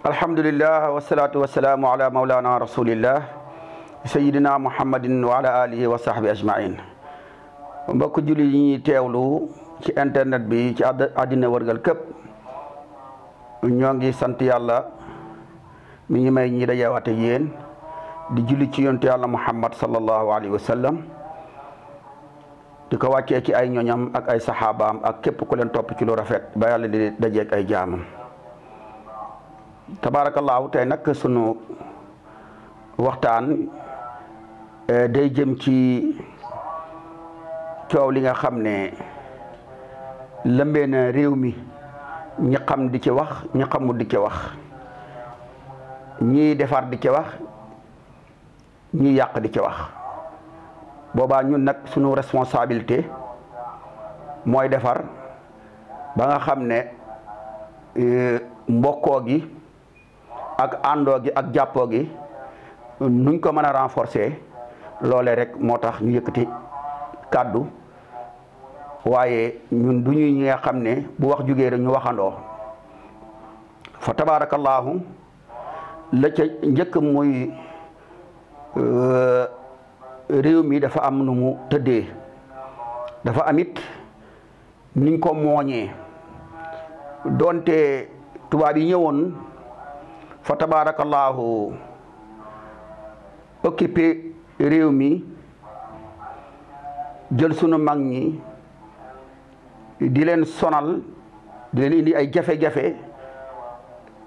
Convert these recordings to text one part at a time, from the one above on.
alhamdulillah wasalaatu wasalaamu ala maulana rasulillah sayidina muhammadin wa ala alihi wa sahbi ajmain mbokk julli yi ñuy ci internet bi ci àddina wërgal képp ñoo ngi sant yàlla mu ngi may ñi dajewaate yéen di julli ci yontu yàlla muhammad sallallahu alayhi wa sallam di ko wàccee ci ay ñoñam ak ay saxaabaam ak képp ku leen topp ci lu rafet ba yàlla di dajeeg ay jaamam tabaarakallaahu tey nag sunu waxtaan eh, day jëm ci coow li nga xam ne lëmbee na réew mi ñi xam di ci wax ñi xamul di ci wax ñii defar di ci wax ñii yàq di ci wax boobaa ñun nag sunu responsabilité mooy defar ba nga xam ne eh, mbokkoo gi ak àndoo gi ak jàppoo gi nuñ ko mën a renforcer loole rek moo tax ñu yëkkati kàddu waaye ñun du ñuy ñi nga xam ne bu wax jugee rek ñu waxandoo fa tabaarakallaahu la ca njëkk muy euh, réew mi dafa am nu mu tëddee dafa amit niñ ko mooñee doonte tubaab ñëwoon fa tabaarakallaahu occupé réew mi jël sunu mag ñi di leen sonal di leen indi ay jafe-jafe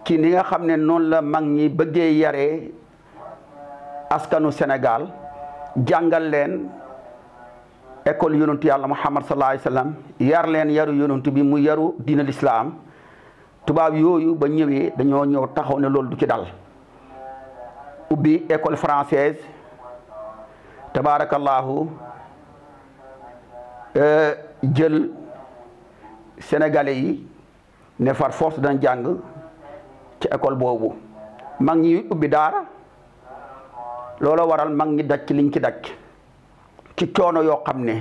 ci ni nga xam ne noonu la mag ñi bëggee yare askanu Sénégal jàngal leen école yonentu yàlla Muhammad sallallahu alayhi wa yar leen yaru yonentu bi mu yaru diina lislaam tubaab yooyu ba ñëwee dañoo ñëw taxaw ne loolu du ci dal ubbi école française tabaarakallaahu euh, jël sénégalais yi ne far force dana jàng ci école boobu mag ñi ubbi daara loola waral mag ñi daj ci liñ ci daj ci coono yoo xam ne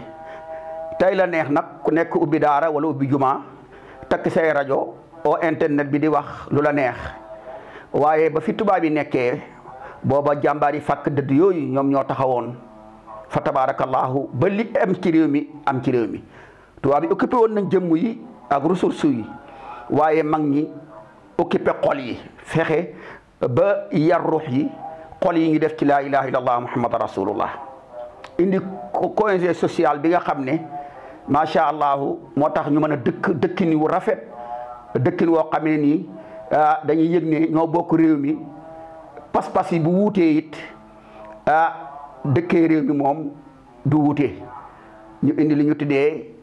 tey la neex nag ku nekk ubbi daara walla ubbi juma takk say rajo au internet bi di wax lu la neex waaye ba fi tubaab yi nekkee booba jàmbaar yi fàkk dëdd yooyu ñoom ñoo taxawoon fa tabaarakallaahu ba li am ci réew mi am ci réew mi tubaab yi occupé woon nañ jëmm yi ak ressources yi waaye mag ñi occupé xol yi fexe ba yar ruux yi xol yi ngi def ci laa ilaha illallah muhammad rasulullah indi cohésion sociale bi nga xam ne macha allah moo tax ñu mën a dëkk dëkkin wu rafet dëkkin woo xamee nii ah, dañuy yëg ne ñoo bokk réew mi pas-pas yi bu wuutee it ah dëkkee réew mi moom du wuute ñu indi li ñu tuddee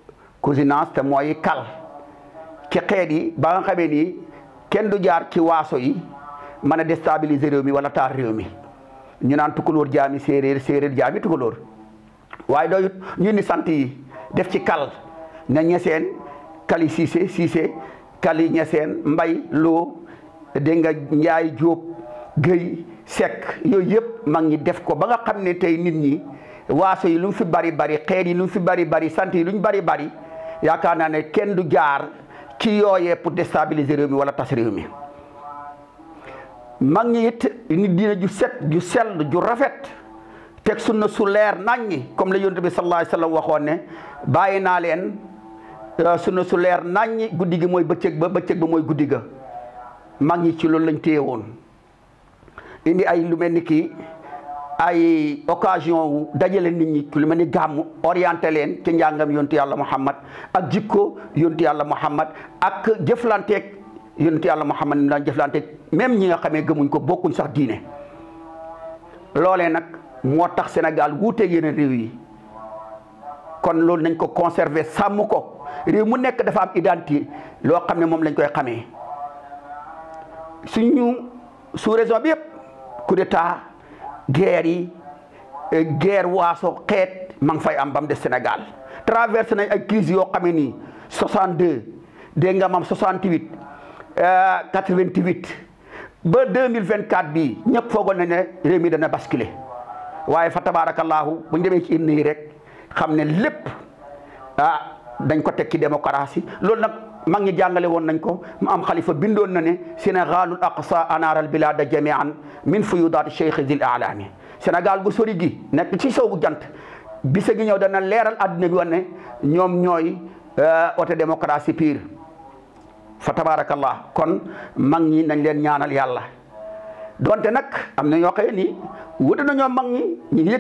cousinance te mooy kal ci xeet yi ba nga xamee nii kenn du jaar ci waaso yi mën a déstabiliser réew mi wala taar réew mi ñu naan tukulóor jaami séeréer séeréer jaami tukulóor waaye doo ñu ni sant yi def ci kal na ñeseen kali siise siise Kali Ñaseen Mbay Lo dégg nga Njaay Jóob Géy Sekk yooyu yëpp mag ñi def ko ba nga xam ne tey nit ñi waaso yi lu mu fi bari bari xeet yi lu mu fi bari bari sant yi lu ñu bari bari yaakaar naa ne kenn du jaar ci yooyee pour déstabiliser réew mi wala tas réew mi mag ñi it nit dina ju set ju sell ju rafet teg sunna su leer nañ ñi comme la yonent bi sallallahu waxoon ne bàyyi naa leen Euh, sunu su leer naññ guddi gi mooy bëccëg ba bëccëg ba mooy guddi ga mag ñi ci loolu lañ téye woon indi ay lu mel ni kii ay occasion wu dajale nit ñi lu mel ni gàmm orienté leen ci njàngam yontu yàlla muhammad ak jikko yontu yàlla muhammad ak jëflanteeg yontu yàlla muhammad ni daan jëflanteeg même ñi nga xamee gëmuñ ko bokkuñ sax diine loole nag moo tax Sénégal wuuteeg yeneen réew yi kon loolu nañ ko conserver sàmm ko réew mu nekk dafa am identité loo xam ne moom lañ koy xame suñu sous région bi yëpp coup d'état guerre yi euh, guerre waaso xeet ma ngi fay am ba de des Sénégal traversé nañ ay crise yoo xam ne nii 62 dégg nga maam 68 88 ba 2024 bii ñëpp foogoon nañ ne réew dana basculer waaye fa tabaarakallaahu bu ñu demee ci indi rek xam ne lépp ah, dañ ko teg ci démocratie loolu nag mag ñi jàngale woon nañ ko mu am xalifa bindoon na ne sénégalul aqsa anaaral bilada jamian min fuyudaat cheikh zil alami sénégal gu sori gi nekk ci sowu jant bisa gi ñëw dana leeral adduna bi wane ñoom ñooy euh, ote démocratie pire fa tabarakallah kon mag ñi nañ leen ñaanal yàlla donte nag am na ñoo xëy ni wute na ñoom mag ñi ñu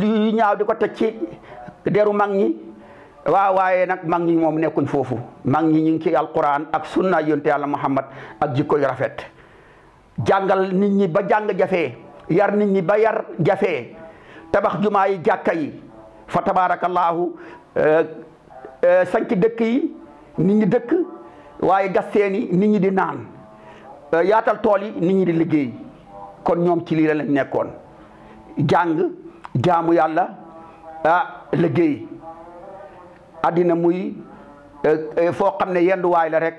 ngi ñaaw di ko teg deru mag ñi waaw waaye nag mag ñi moom nekkuñ foofu mag ñi ñu ngi ci alquran ak sunna yonte yàlla muhammad ak jikko yu rafet jàngal nit ñi ba jàng jafe yar nit ñi ba yar jafe tabax jumaa yi jàkka yi fa tabaarakallaahu eh, eh, sanc dëkk yi nit ñi dëkk waaye gas seen nit ñi di naan eh, yaatal tool yi nit ñi di liggéey kon ñoom ci lii nekkoon jàng jaamu yàlla ah àddina muy eh, eh, foo xam ne yenduwaay la rek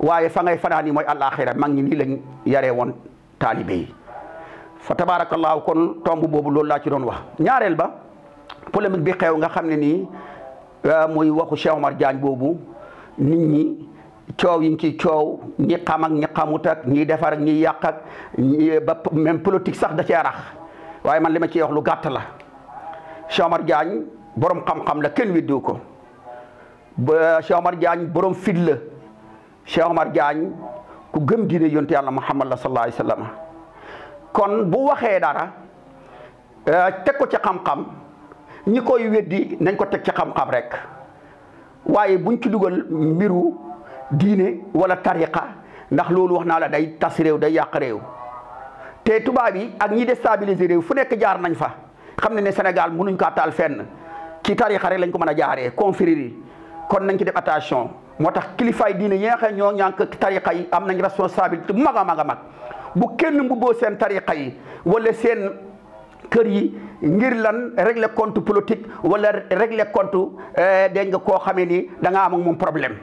waaye fa ngay fanaan yi mooy àllaaxira mag ñi nii lañ yaree woon taalibe yi fa tabaarakallaahu kon tomb boobu loolu laa ci doon wax ñaareel ba polémique bi xew nga xam ne nii eh, muy waxu Cheikh Omar Diagne boobu nit ñi coow yi ñu ciy coow ñi xam ak ñi xamut ak ñi defar ak ñi yàq ak ba même politique sax da cee rax waaye man li ma ciy wax lu gàtt la Cheikh Omar Diagne borom xam-xam la kenn weddiwu ko ba Cheikh Omar Diagne borom fit la Cheikh Omar Diagne ku gëm diine yonte yàlla Muhammad la sallallahu alayhi wasallam kon bu waxee dara eh, teg ko ci xam-xam ñi koy weddi nañ ko teg ci xam-xam rek waaye buñ ci dugal mbiru diine wala tariqa ndax loolu wax naa la day tas réew day yàq réew te tubaab yi ak ñi déstabiliser réew fu nekk jaar nañ fa xam ne ne Sénégal mënuñ kaa taal fenn ci tariqa rek lañ ko mën a jaaree confrérie kon nañ ci def attention moo tax kilifaay diine yi nga xam ñoo ñànk tariqa yi am nañ responsabilité mag a mag bu mag bu kenn seen tariqa yi wala seen kër yi ngir lan régler compte politique wala régler compte euh, dañ nga koo xamee ni da nga am ak problème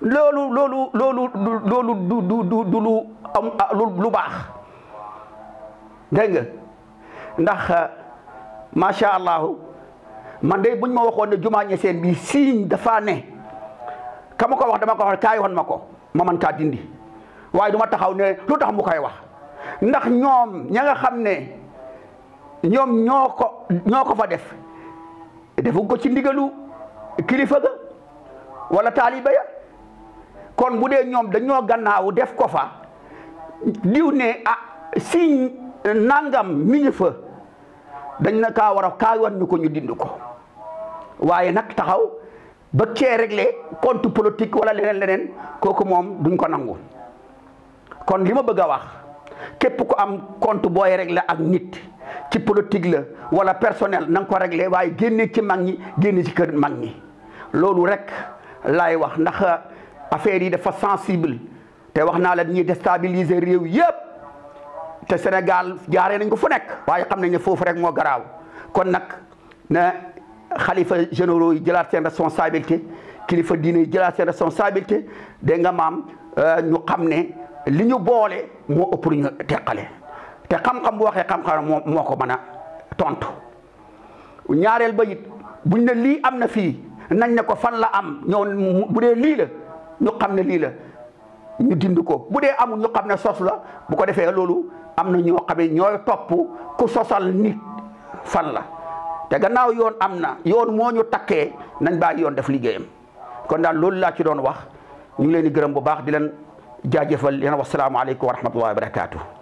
loolu loolu loolu loolu lu am ah, lu baax dégg nga ndax euh, macha allah. man de buñ ma waxoon ne jumaa seen bi siiñ dafa ne ka ma ko wax dama ko wax kaay woon ma ko ma mën kaa dindi waaye du ma taxaw ne lu tax mu koy wax ndax ñoom ña xam ne ñoom ñoo ko ñoo ko fa def defu ko ci ndigalu kilifa ga wala taaliba ya kon bu dee ñoom dañoo gannaaw def ko fa diw ne ah siiñ nangam mi fa dañ na kaa war a kaay wan ñu ko ñu dind ko waaye nag taxaw ba cee regle compte politique wala leneen leneen kooku moom duñ ko nangu kon li ma bëgg a wax képp ku am compte booy régler ak nit ci politique la wala personnel na ko régler waaye génne ci mag ñi génne ci kër mag ñi loolu rek laay wax ndax affaire yi dafa sensible te wax naa la ñuy déstabiliser réew yëpp te Sénégal jaaree nañ ko fu nekk waaye xam nañ ne foofu rek moo garaaw kon nag xalifa généraux yi jalaat seen responsabilité kilifa diine yi jëlaat seen responsabilité de nga maam euh, ñu xam ne li ñu boole moo ëpp lu ñu teqale te xam-xam bu waxee xam-xam moo ko mën a tontu ñaareel ba it buñ ne lii am na fii nañ ne ko fan la am ñoo bu dee lii la ñu xam ne lii la ñu dind ko bu dee amul ñu xam ne sos la bu ko defee loolu am na ñoo xamee ñooy topp ku sosal nit fan la te gannaaw yoon am na yoon moo ñu takkee nañ bàyyi yoon def liggéeyam kon daal loolu laa ci doon wax ñu ngi leen di gërëm bu baax di leen jaajëfal di leen wax salaamaaleykum wa rahmatullahi wa barakaatu.